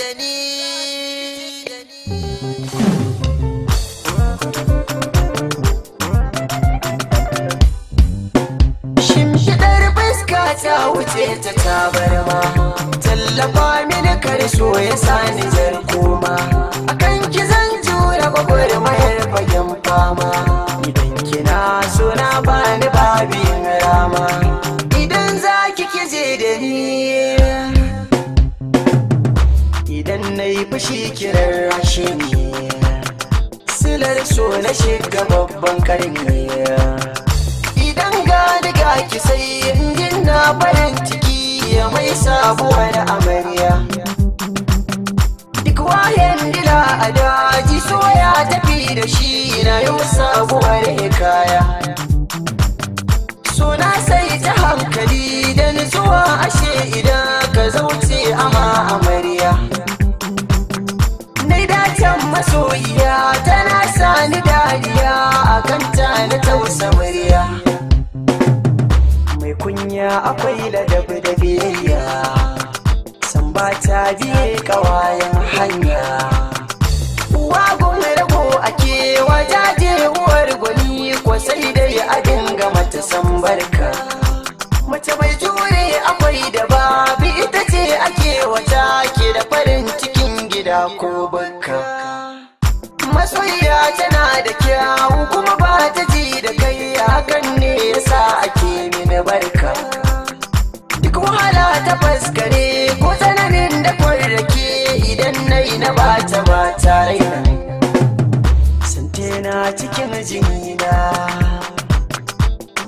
shimshiɗar ni. ta wuce ta tabarma tallafa mini karso ya sani zarkoma akan ki zan jura gwagwar fagen fama idan kina suna bani babin rama idan za ki kije da ni na yi fushi kiran rashi ne silar so na shiga babban karin idan ga daga ki sai injin na farin ciki ya mai sabuwar amarya duk wayan dila a daji so ya tafi da shi na yau sabuwar hikaya so na sai ta hankali dan zuwa ashe idan hanya akwai ladabi da biyayya san ba ta biye kawayen hanya uwa gomar ko ake jaje uwar gwani ko sai dai a dinga mata san barka mace mai jure akwai da babu ita ce ake wata ke da farin cikin gida ko bakka masoyiya tana da kyawu kuma ba ta ji da kai hakan ne yasa ake mini barka ba tare sante na cikin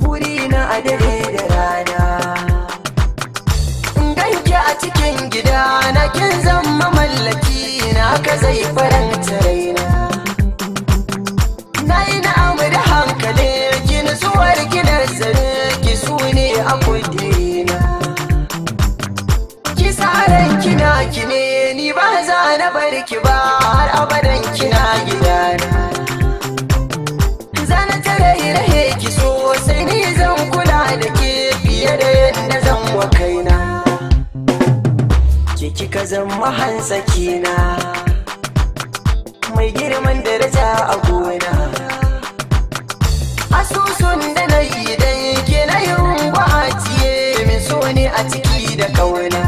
wuri na a dare da rana ganke a cikin gida na kin zama mallaki na ka zai fara na bari ki ba har abadan kina gidana zana ta rahe ki sosai ni zan kula da ke fiye da yadda zan wa kaina ki kika zama hansakina mai girman daraja a gona asusun da na yi dan ke na yi a min so ne a ciki da kauna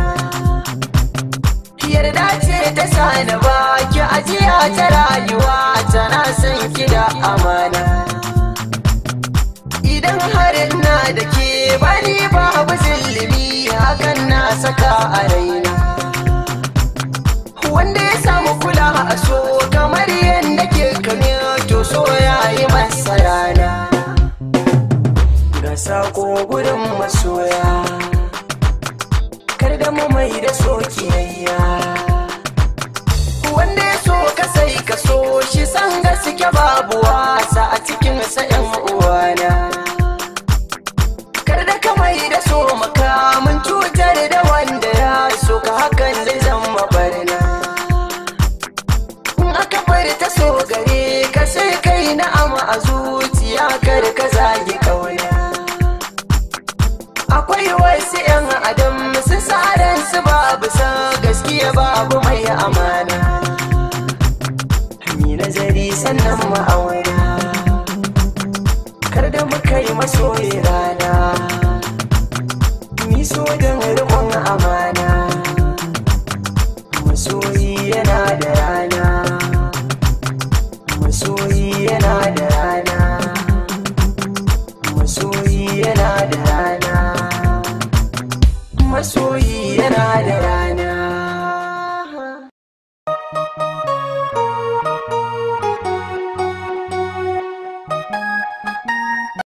yarda ce ce ta sani ba ki ajiya ta rayuwa tana son ki da amana idan har ina da ke bani babu zillimi hakan na saka a raina wanda ya samu kula a so kamar yadda ke kame to so ya yi masa rana ga sako gudun masoya kar da mu mai da so abu mai amana